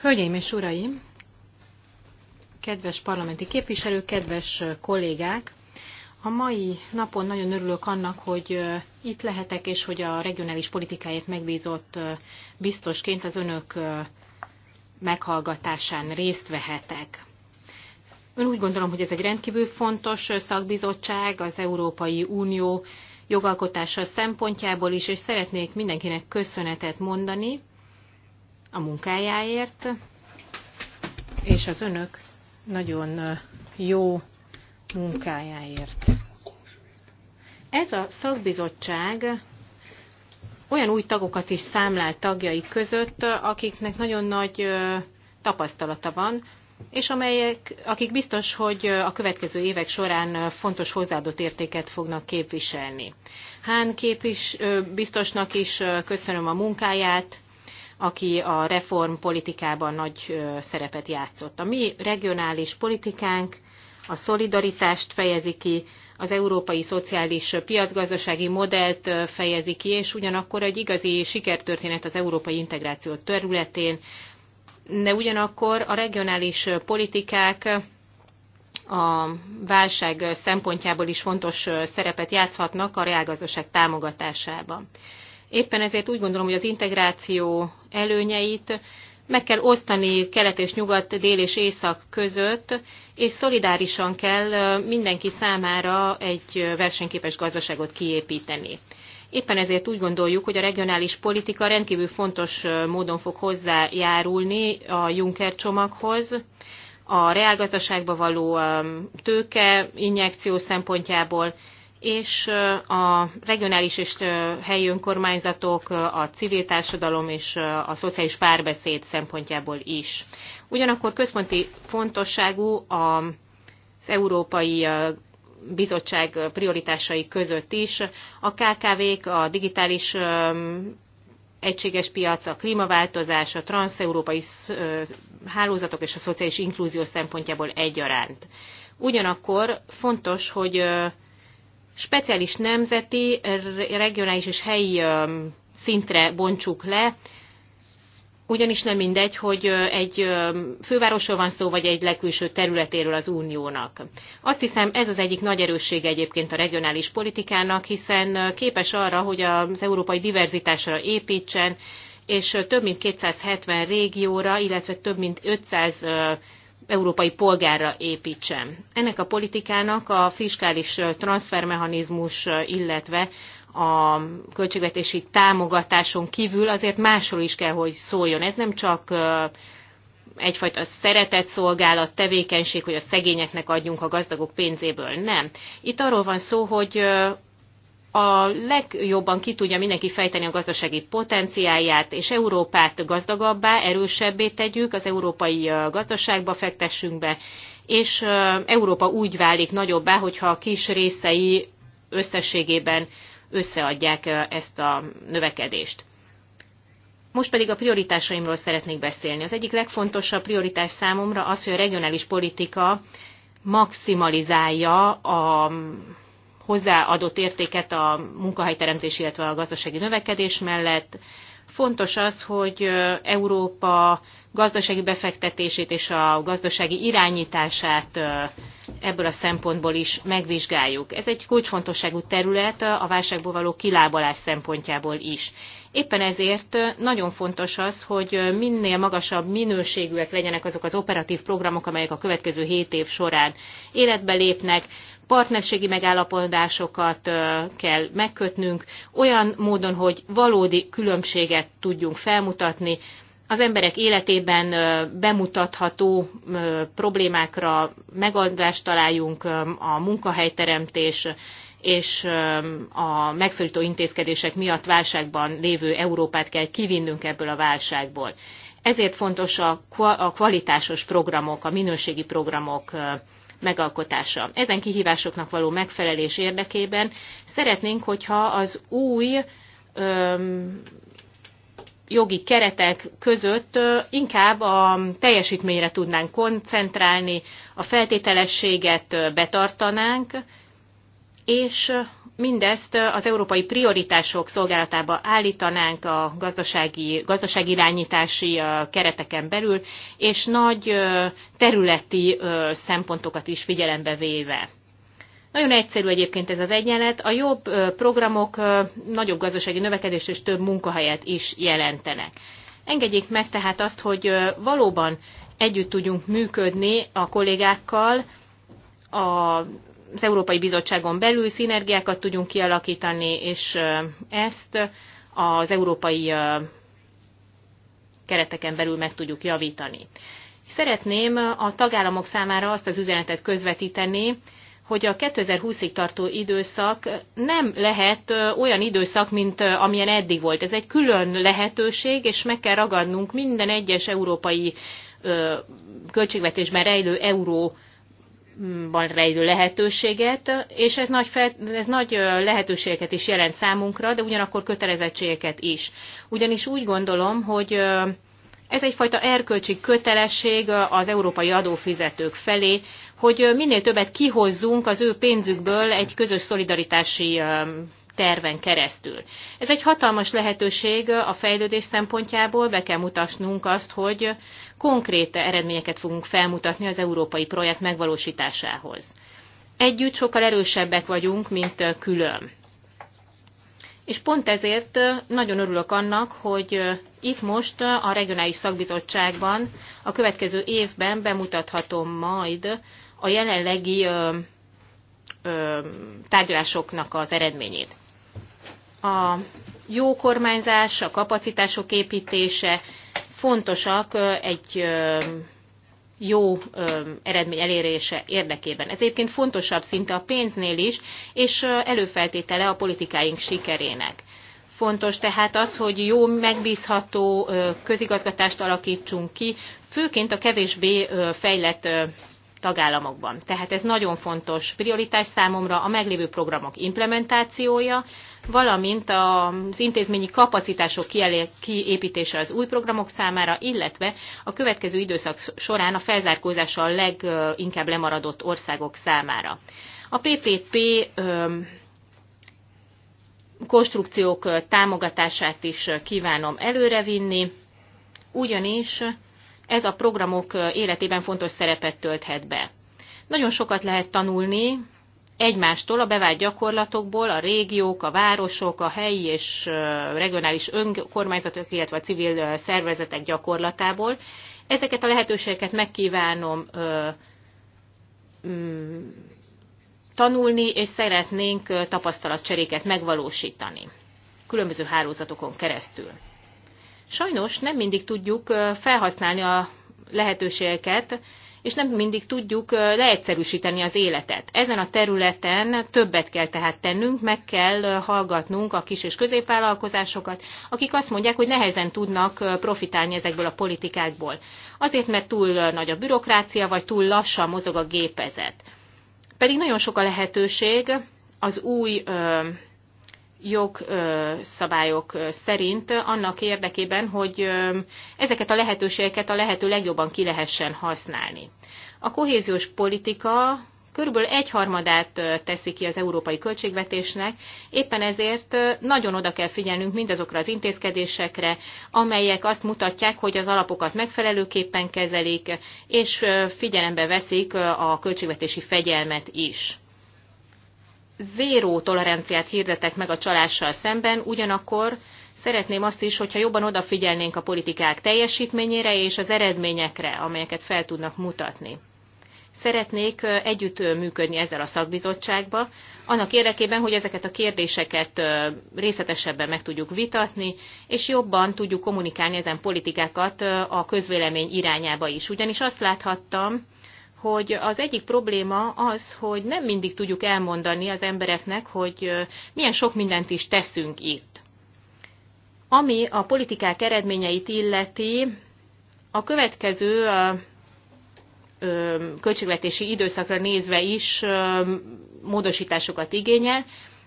Hölgyeim és uraim, kedves parlamenti képviselők, kedves kollégák! A mai napon nagyon örülök annak, hogy itt lehetek, és hogy a regionális politikáért megbízott biztosként az önök meghallgatásán részt vehetek. Ön úgy gondolom, hogy ez egy rendkívül fontos szakbizottság, az Európai Unió jogalkotása szempontjából is, és szeretnék mindenkinek köszönetet mondani a munkájáért, és az önök nagyon jó munkájáért. Ez a szakbizottság olyan új tagokat is számlál tagjai között, akiknek nagyon nagy tapasztalata van és amelyek, akik biztos, hogy a következő évek során fontos hozzáadott értéket fognak képviselni. Hán képvis, biztosnak is köszönöm a munkáját, aki a reformpolitikában nagy szerepet játszott. A mi regionális politikánk a szolidaritást fejezi ki, az európai szociális piacgazdasági modellt fejezi ki, és ugyanakkor egy igazi sikertörténet az európai integráció területén, de ugyanakkor a regionális politikák a válság szempontjából is fontos szerepet játszhatnak a reálgazdaság támogatásában. Éppen ezért úgy gondolom, hogy az integráció előnyeit meg kell osztani kelet és nyugat, dél és észak között, és szolidárisan kell mindenki számára egy versenyképes gazdaságot kiépíteni. Éppen ezért úgy gondoljuk, hogy a regionális politika rendkívül fontos módon fog hozzájárulni a Juncker csomaghoz, a reálgazdaságba való tőke injekció szempontjából, és a regionális és helyi önkormányzatok, a civil társadalom és a szociális párbeszéd szempontjából is. Ugyanakkor központi fontosságú az Európai Bizottság prioritásai között is a KKV-k, a digitális egységes piac, a klímaváltozás, a transzeurópai hálózatok és a szociális inklúzió szempontjából egyaránt. Ugyanakkor fontos, hogy speciális nemzeti, regionális és helyi szintre bontsuk le, ugyanis nem mindegy, hogy egy fővárosról van szó, vagy egy legkülső területéről az uniónak. Azt hiszem, ez az egyik nagy erőssége egyébként a regionális politikának, hiszen képes arra, hogy az európai diverzitásra építsen, és több mint 270 régióra, illetve több mint 500 európai polgárra építsen. Ennek a politikának a fiskális transfermechanizmus, illetve a költségvetési támogatáson kívül azért másról is kell, hogy szóljon. Ez nem csak egyfajta szeretett szolgálat, tevékenység, hogy a szegényeknek adjunk a gazdagok pénzéből. Nem. Itt arról van szó, hogy a legjobban ki tudja mindenki fejteni a gazdasági potenciálját, és Európát gazdagabbá, erősebbé tegyük, az európai gazdaságba fektessünk be, és Európa úgy válik nagyobbá, hogyha a kis részei összességében összeadják ezt a növekedést. Most pedig a prioritásaimról szeretnék beszélni. Az egyik legfontosabb prioritás számomra az, hogy a regionális politika maximalizálja a hozzáadott értéket a munkahelyteremtés, illetve a gazdasági növekedés mellett, Fontos az, hogy Európa gazdasági befektetését és a gazdasági irányítását ebből a szempontból is megvizsgáljuk. Ez egy kulcsfontosságú terület a válságból való kilábalás szempontjából is. Éppen ezért nagyon fontos az, hogy minél magasabb minőségűek legyenek azok az operatív programok, amelyek a következő 7 év során életbe lépnek, partnerségi megállapodásokat kell megkötnünk, olyan módon, hogy valódi különbség minőséget tudjunk felmutatni, az emberek életében bemutatható problémákra megoldást találjunk, a munkahelyteremtés és a megszorító intézkedések miatt válságban lévő Európát kell kivinnünk ebből a válságból. Ezért fontos a kvalitásos programok, a minőségi programok megalkotása. Ezen kihívásoknak való megfelelés érdekében szeretnénk, hogyha az új jogi keretek között inkább a teljesítményre tudnánk koncentrálni, a feltételességet betartanánk, és mindezt az európai prioritások szolgálatába állítanánk a gazdasági, gazdaságirányítási kereteken belül, és nagy területi szempontokat is figyelembe véve. Nagyon egyszerű egyébként ez az egyenlet. A jobb programok nagyobb gazdasági növekedést és több munkahelyet is jelentenek. Engedjék meg tehát azt, hogy valóban együtt tudjunk működni a kollégákkal, az Európai Bizottságon belül szinergiákat tudjunk kialakítani, és ezt az európai kereteken belül meg tudjuk javítani. Szeretném a tagállamok számára azt az üzenetet közvetíteni, hogy a 2020-ig tartó időszak nem lehet olyan időszak, mint amilyen eddig volt. Ez egy külön lehetőség, és meg kell ragadnunk minden egyes európai költségvetésben rejlő euró van rejlő lehetőséget, és ez nagy, fel, ez nagy lehetőségeket is jelent számunkra, de ugyanakkor kötelezettségeket is. Ugyanis úgy gondolom, hogy ez egyfajta erkölcsi kötelesség az európai adófizetők felé, hogy minél többet kihozzunk az ő pénzükből egy közös szolidaritási terven keresztül. Ez egy hatalmas lehetőség a fejlődés szempontjából, be kell mutatnunk azt, hogy konkrét eredményeket fogunk felmutatni az európai projekt megvalósításához. Együtt sokkal erősebbek vagyunk, mint külön. És pont ezért nagyon örülök annak, hogy itt most a regionális szakbizottságban a következő évben bemutathatom majd a jelenlegi ö, ö, tárgyalásoknak az eredményét. A jó kormányzás, a kapacitások építése fontosak egy jó eredmény elérése érdekében. Ez egyébként fontosabb szinte a pénznél is, és előfeltétele a politikáink sikerének. Fontos tehát az, hogy jó, megbízható közigazgatást alakítsunk ki, főként a kevésbé fejlett tagállamokban. Tehát ez nagyon fontos prioritás számomra a meglévő programok implementációja, valamint az intézményi kapacitások kiépítése az új programok számára, illetve a következő időszak során a felzárkózása a leginkább lemaradott országok számára. A PPP konstrukciók támogatását is kívánom előrevinni, ugyanis ez a programok életében fontos szerepet tölthet be. Nagyon sokat lehet tanulni egymástól, a bevált gyakorlatokból, a régiók, a városok, a helyi és regionális önkormányzatok, illetve a civil szervezetek gyakorlatából. Ezeket a lehetőségeket megkívánom mm, tanulni, és szeretnénk tapasztalatcseréket megvalósítani különböző hálózatokon keresztül. Sajnos nem mindig tudjuk felhasználni a lehetőségeket, és nem mindig tudjuk leegyszerűsíteni az életet. Ezen a területen többet kell tehát tennünk, meg kell hallgatnunk a kis és középvállalkozásokat, akik azt mondják, hogy nehezen tudnak profitálni ezekből a politikákból. Azért, mert túl nagy a bürokrácia, vagy túl lassan mozog a gépezet. Pedig nagyon sok a lehetőség az új jogszabályok szerint annak érdekében, hogy ezeket a lehetőségeket a lehető legjobban ki lehessen használni. A kohéziós politika körülbelül egyharmadát teszi ki az európai költségvetésnek, éppen ezért nagyon oda kell figyelnünk mindazokra az intézkedésekre, amelyek azt mutatják, hogy az alapokat megfelelőképpen kezelik, és figyelembe veszik a költségvetési fegyelmet is zéró toleranciát hirdetek meg a csalással szemben, ugyanakkor szeretném azt is, hogyha jobban odafigyelnénk a politikák teljesítményére és az eredményekre, amelyeket fel tudnak mutatni. Szeretnék együtt működni ezzel a szakbizottságba, annak érdekében, hogy ezeket a kérdéseket részletesebben meg tudjuk vitatni, és jobban tudjuk kommunikálni ezen politikákat a közvélemény irányába is. Ugyanis azt láthattam, hogy az egyik probléma az, hogy nem mindig tudjuk elmondani az embereknek, hogy milyen sok mindent is teszünk itt. Ami a politikák eredményeit illeti, a következő költségvetési időszakra nézve is módosításokat igényel,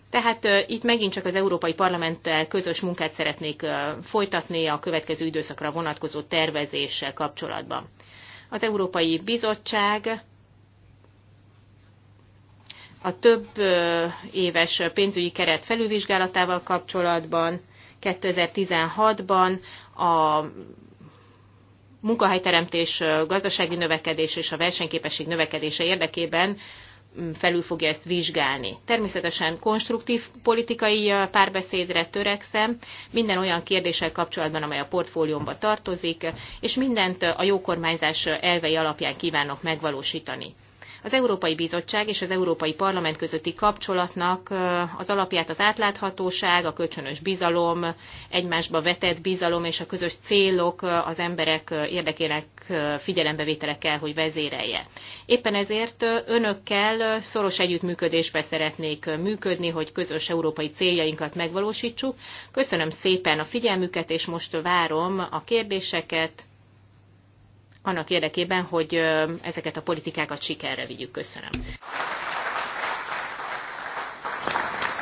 tehát itt megint csak az Európai Parlamenttel közös munkát szeretnék folytatni a következő időszakra vonatkozó tervezéssel kapcsolatban. Az Európai Bizottság a több éves pénzügyi keret felülvizsgálatával kapcsolatban 2016-ban a munkahelyteremtés, gazdasági növekedés és a versenyképesség növekedése érdekében felül fogja ezt vizsgálni. Természetesen konstruktív politikai párbeszédre törekszem, minden olyan kérdéssel kapcsolatban, amely a portfóliómba tartozik, és mindent a jó kormányzás elvei alapján kívánok megvalósítani. Az Európai Bizottság és az Európai Parlament közötti kapcsolatnak az alapját az átláthatóság, a kölcsönös bizalom, egymásba vetett bizalom és a közös célok az emberek érdekének figyelembevétele kell, hogy vezérelje. Éppen ezért önökkel szoros együttműködésbe szeretnék működni, hogy közös európai céljainkat megvalósítsuk. Köszönöm szépen a figyelmüket, és most várom a kérdéseket, annak érdekében, hogy ezeket a politikákat sikerre vigyük. Köszönöm.